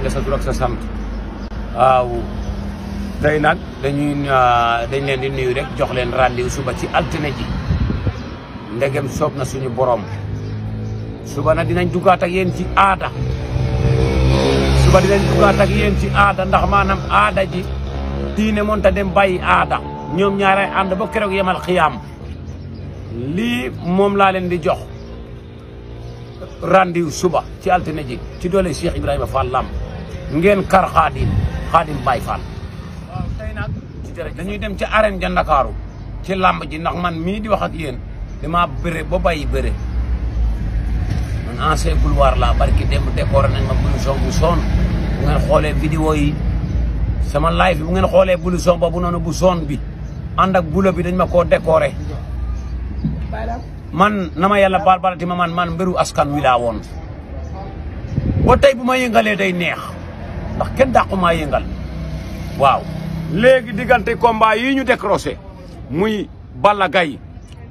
nañ la sa turak sa sant waaw tey nak dañuy ah, dañ leen di nuyu rek jox leen rendez-vous suba ci altine ji ndegem soob na suñu borom suba na dinañ duggaat ak yéen ci aada suba dinañ duggaat ak ci aada ndax manam aada ji diine moon ta dem bàyyi aada ñom ñaaray and ba keroog yamal qiyam li mom la leen di jox rendez-vous suba ci altine ji ci dole Cheikh Ibrahima Fall Lamb ngeen kar khadim khadim Baye Fall. nak tey nag dañuy dem ci arène ja Ndakaaru ci lamb ji ndax man mi di wax ak yeen dama béré ba bàyyi béré man ancien couloir la barki dem décor nañ ma son bu son bu ngeen xolé vidéo yi sama live bu ngeen bulu son bobu nonu bu son bi and ak bulu bi dañ ma ko décoré man nama yalla bal balati ma man man mbiru askan wi la won ba tay bu ma day neex ndax kenn dàqumaa yëngal waaw léegi diggante combat yi ñu décroché muy Balla Gaye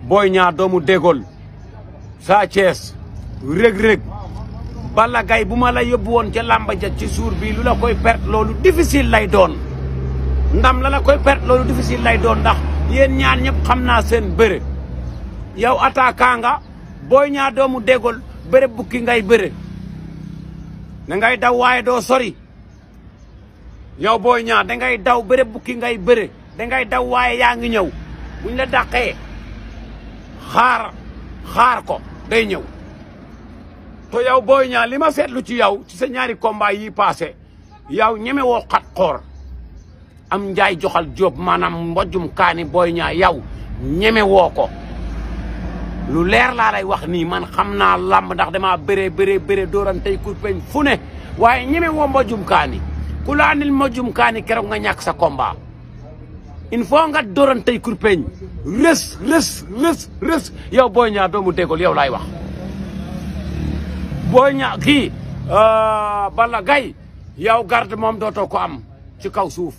Boy Niang doomu Dégol Sa Thiès rëg bu ma la yóbbu woon ca làmba ja ci suur bi lu la koy perte loolu difficile lay doon ndam la la koy perte loolu difficile lay doon ndax yéen ñaar ñëpp xam naa seen bëre yow attaquant booy Boy Niang doomu Dégol bëre bukki ngay bëre na ngay daw waaye doo sori yow booy ñaa dangay daw bëre bukki ngay bëre dangay daw waaye yaa ngi ñëw buñ la dàqee xaar xaar ko day ñëw te yow booy ñaa li ma seetlu ci yow ci sa ñaari combat yi passé yow ñeme woo xat xoor am njaay joxal jóob maanaam mbojjum kaani booy ñaa yow ñeme woo ko lu leer laa lay wax nii man xam naa làmb ndax damaa bëree bëree bëree dóoran tey kurpeñ fu ne waaye ñeme woo mbojjum kaani kulaanil mojum kani kero nga ñak sa combat il faut nga dorantey kurpeñ res res res res yow booy do mu dégol yow lay wax booy ñaa kii eh, bala gay yow garde moom dootoo ko am ci kaw suuf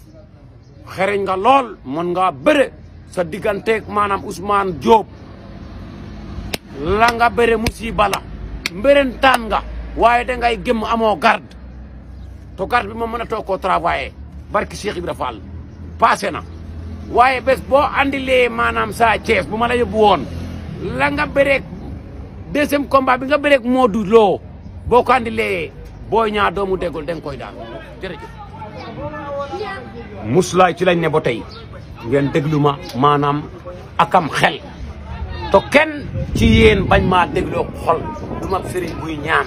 xereñ nga lol mon nga bëre sa manam Ousmane Diop la nga musiba la nga da ngay gem amo garde to carte bi moom mënatoo koo travailler barki Cheikh Ibra Fall passé na waaye bés boo andilee manam sa chef bu ma la yóbbu woon la nga berek deuxième combat bi nga berek Modou Lo bo ko andilee booy ñaa doomu déggul da nga koy daal jërëjëf. muslaay ci lañ né ba tey ngeen déglu akam xel to ken ci yeen bañ ma dégloo xol duma sëriñ buy ñaan.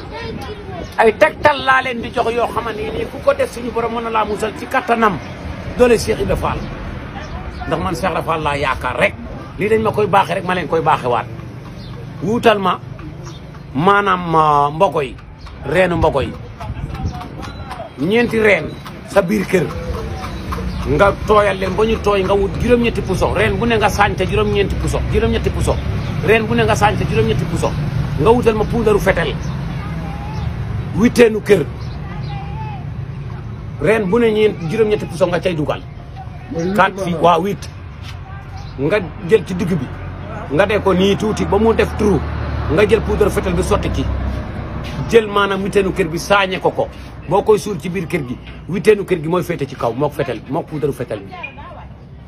ay tegtal laa leen di jox yoo xamante ni ku ko def suñu borom mën a laa musal ci kattanam doole Cheikh Ibra Fall ndax man Cheikh Ibra Fall laa yaakaar rek lii dañ ma koy baaxee rek ma leen koy baaxe waat wuutal ma maanaam mbogo yi reenu mbogo yi ñeenti reen sa biir kër nga tooyal leen boo ñu tooy nga wut juróom-ñetti puso reen bu ne nga sànte juróom-ñeenti puso ñetti puso reen bu ne nga sànte juróom-ñetti puso nga wutal ma puudaru fetel witeenu kër ren bu ne ñi juróom ñet pousso nga tay dugal 4 fi wa 8 nga jël ci digg bi nga dee ko ni tuuti ba mu def trou nga jël poudre fetel bi soti ci jël maanaam witeenu kër bi saañe ko ko bokoy sul ci bir kër gi witeenu kër gi moy féete ci kaw mok fetel mok poudre fetel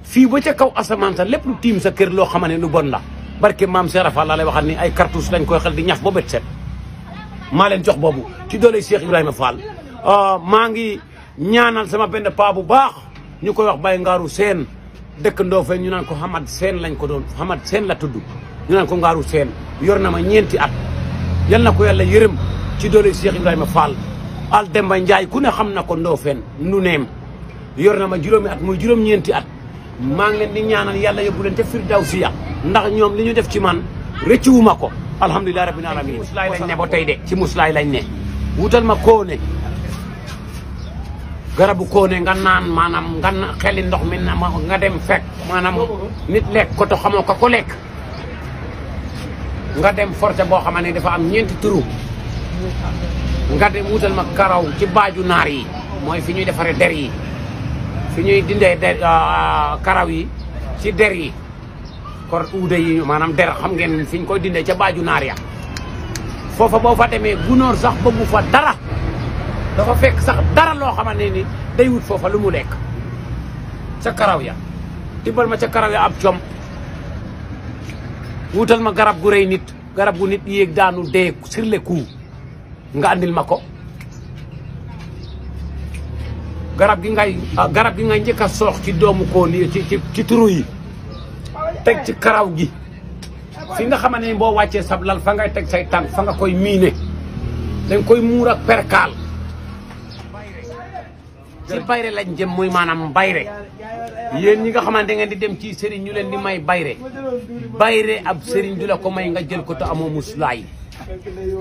fi ba ca kaw asaman sa lepp lu tim sa kër lo xamane lu bon la barke mam serafa la lay ay cartouche lañ koy xel di ñaf bobet set maa leen jox boobu ci doole Cheikh Ibrahima Fall euh, maa ngi ñaanal sama benn paa bu baax ñu koy wax bay Ngaaru Seen dëkk Ndofeen ñu naan ko Hamad Seen lañ ko doon Hamad Seen la tudd ñu naan ko Ngaaru Seen yor na ma ñeenti at yal na ko yàlla yërëm ci doole Cheikh Ibrahima Fall al Demba Njaay ku ne xam na ko Ndofeen nu neem yor na ma juróomi at muy juróom-ñeenti at maa ngi leen di ñaanal yàlla yóbbu leen ca Firdawsiya ndax ñoom li ñu def ci man rëccuwuma ko alhamdulilah rabbil alamin muslaay lañ ne ba tey de ci muslaay lañ ne wutal ma koone garabu koone nga naan maanaam nga xeli ndox mi na ma nga dem fekk maanaam nit lekk ko to xamoo ko ko lekk nga dem forte boo xam ne dafa am ñeenti turu nga dem wutal ma karaw ci baaju naar yi mooy fi ñuy defaree der yi fi ñuy dindee der ah, karaw yi ci der yi kor uude yi maanaam der xam ngeen fi ñu koy dindee ca baaju naar ya foofa boo fa demee gunóor sax bëggu fa dara dafa fekk sax dara loo xamante ni day wut foofa lu mu lekk ca karaw ya tibbal ma ca karaw ya ab com wutal ma garab gu rëy nit garab gu nit yéeg daanu dee sur nga andil ma ko garab gi ngay ah, garab ngay njëkk a soox ci doomu koon yi ci ci yi tek ci karaw gi fi nga xamane bo wacce sab lal fa ngay tek say tank fa nga koy miné dañ koy muur ak perkaal ci bayre lañ jëm muy manam bayre yeen ñi nga xamane ngeen di dem ci sëriñ ñu leen di may bayre bayre ab sëriñ du la ko may nga jël ko to amo muslay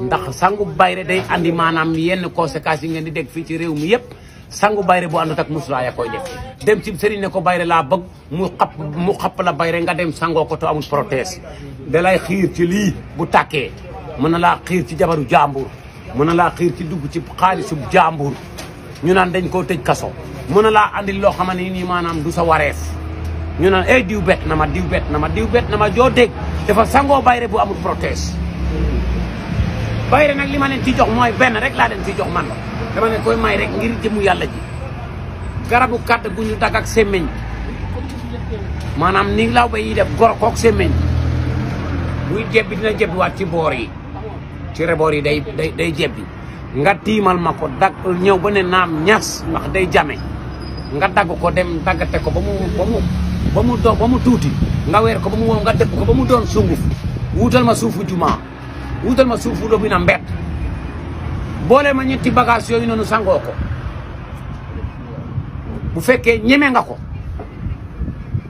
ndax sangu bayre day andi manam yenn conséquences yi ngeen di dégg fi ci réew mi yépp sangu bayre bu àndut ak muslay a koy def dem ci serigne ne ko bayre la bëgg mu xap mu xap la bayre nga dem sango ko to amul protège dalay xir ci li bu tàkkee mën la xir ci jabaru jambour mën la xir ci dugg ci xaalisu jambour ñu naan dañ ko kaso mën la andil lo xamane ni manam du sa wareef ñu naan ay eh, diw bet na ma diw bet na diw bet na ma dafa sango bayre bu amul protes bayre nak li ma leen ci jox moy ben rek la len ci jox man dama ne koy may rek ngir jëmu ji garabu kat buñu dag ak semmeñ manam ni law bay def gor ak semmeñ buy jebbi dina wat ci bor yi ci rebor yi day day jebbi nga timal mako dag ñew ba ne naam ñas day jame nga dag ko dem dagate ko bamu bamu bamu do bamu tuti nga wer ko bamu nga dëpp ko bamu don sunguf wuutal ma suufu juma wutal ma suufu bi na mbet bolé ma ñetti bagage yoy noonu sangoko bu fekkee ñeme nga ko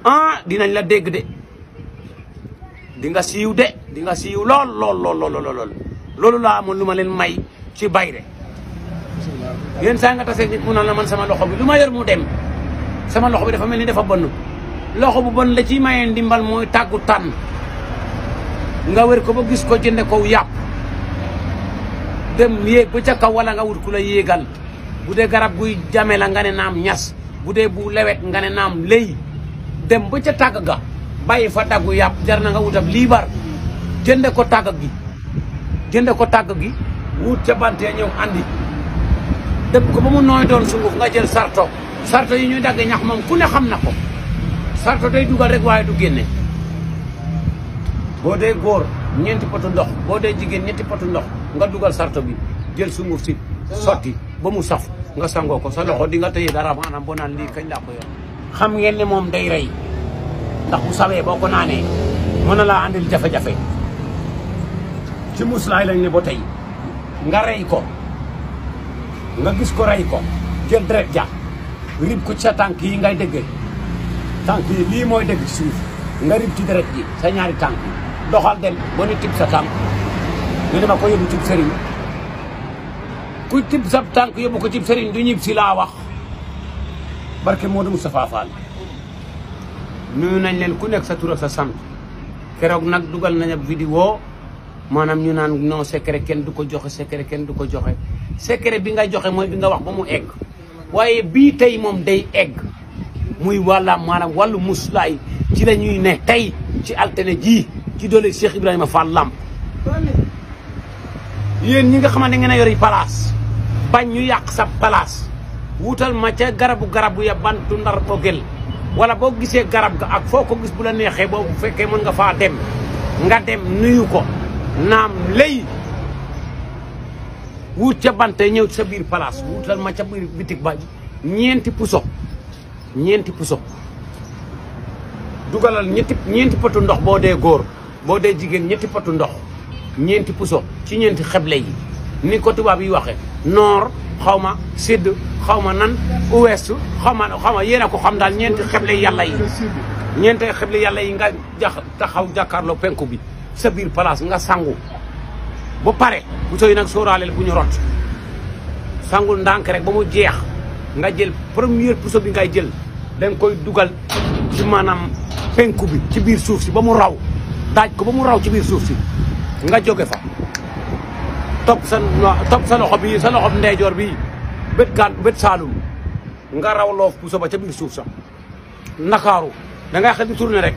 ah dinañ la dégg de di nga siiw de dinga nga siiw lool lool lool amoon lu ma leen may ci bayre yéen saa nga tasee nit mu naan sama loxo bi lu ma yor mu dem sama loxo bi dafa mel ni dafa bon loxo bu bon la ci mayee ndimbal mooy tàggu nga wér ko ba gis ko jënde ko yàpp dem yéeg ba ca kaw wala nga wut ku la yéegal bu dee garab guy jame la nga ne naam ñas bu dee bu lewet nga ne naam léy dem ba ca tàgg ga bàyyi fa daggu yàpp jar na nga wut ab liibar jënde ko tàgg gi jënde ko tàgg gi wut ca bantee ñëw andi dëpp ko ba mu nooy doon sunguf nga jël sarto sarto yi ñuy dagg ñax moom ku ne xam na ko sarto day dugal rek waaye du génne boo dee góor ñeenti potu ndox boo dee jigéen ñeenti potu ndox nga dugal sarto bi jël sunguf si sotti ba mu saf nga sangoo ko sa loxo di nga tëye dara maanaam boo naan lii kañ laa ko yor xam ngeen ne moom day rey ndax bu sawee boo ko naanee mën na laa andil jafe-jafe ci muslaay lañ ne ba tey nga rey ko nga gis ko rey ko jël deret ja rib ko ci sa tànk yi ngay dégg tànk lii mooy dégg ci nga rib ci deret ji sa ñaari tànk doxal dem ba sa tànk ñu ne ma ko yóbbu ci sëriñ ku tib sab tànk yóbbu ko cib sëriñ du ñib si laa wax barke Modou Moustapha Fall nuyu nañ leen ku nekk sa tur sa sant keroog nag dugal nañ ab vidéo maanaam ñu naan non secret kenn du ko joxe secret kenn du ko joxe secret bi nga joxe mooy bi nga wax ba mu egg waaye bii tey moom day egg muy wàlla maanaam wàllu muslaay ci la ñuy ne tey ci altene ji ci doole Cheikh Ibrahima Fall Lamp yéen ñi nga xamante ngeen a yori palaas bañu yak sa place woutal ma ca garabu garabu ya bantu ndar bogel wala bo gisee garab ga ak foko gis bu la neexee boo bu fekkee mën nga fa dem nga dem nuyu ko nam lay wout ca bante ya ñëw sa bir place woutal ma ca bir bitik ba ñenti puso ñenti puso dugalal ñetti ñenti potu ndox bo dee gor bo jigen ñetti potu ndox ñenti puso ci ñenti ni ko tubaab yi waxe noor xaw ma sud xaw ma nan ouest xaw ma xaw ma yéen a ko xam daal ñeenti xeble yàlla yi ñeenti xeble yàlla yi nga jax taxaw jàkkaarloo penku bi sa biir place nga sangu ba pare bu sooy nag sóoraaleel bu ñu rot sangul ndànk rek ba mu jeex nga jël première puso bi ngay jël dañ koy dugal ci maanaam penku bi ci biir suuf si ba mu raw daaj ko ba mu raw ci biir suuf si nga jóge fa topp sa topp sa loxo bi sa loxo ndeyjoor bi bët gaan bët saalum nga raw loof puso ba ca biir suuf sax nakaaru da ngay xel di tourner rek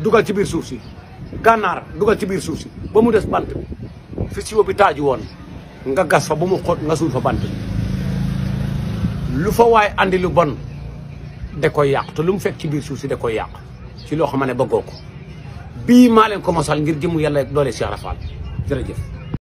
dugal ci biir dugal ci ba mu bant bi fi nga gas fa ba mu xóot nga suul fa bant lu fa andi lu bon da koy yàq te lu mu fekk ci biir suuf si da koy yàq ci loo xam ne bëggoo ko bii ko mosal ngir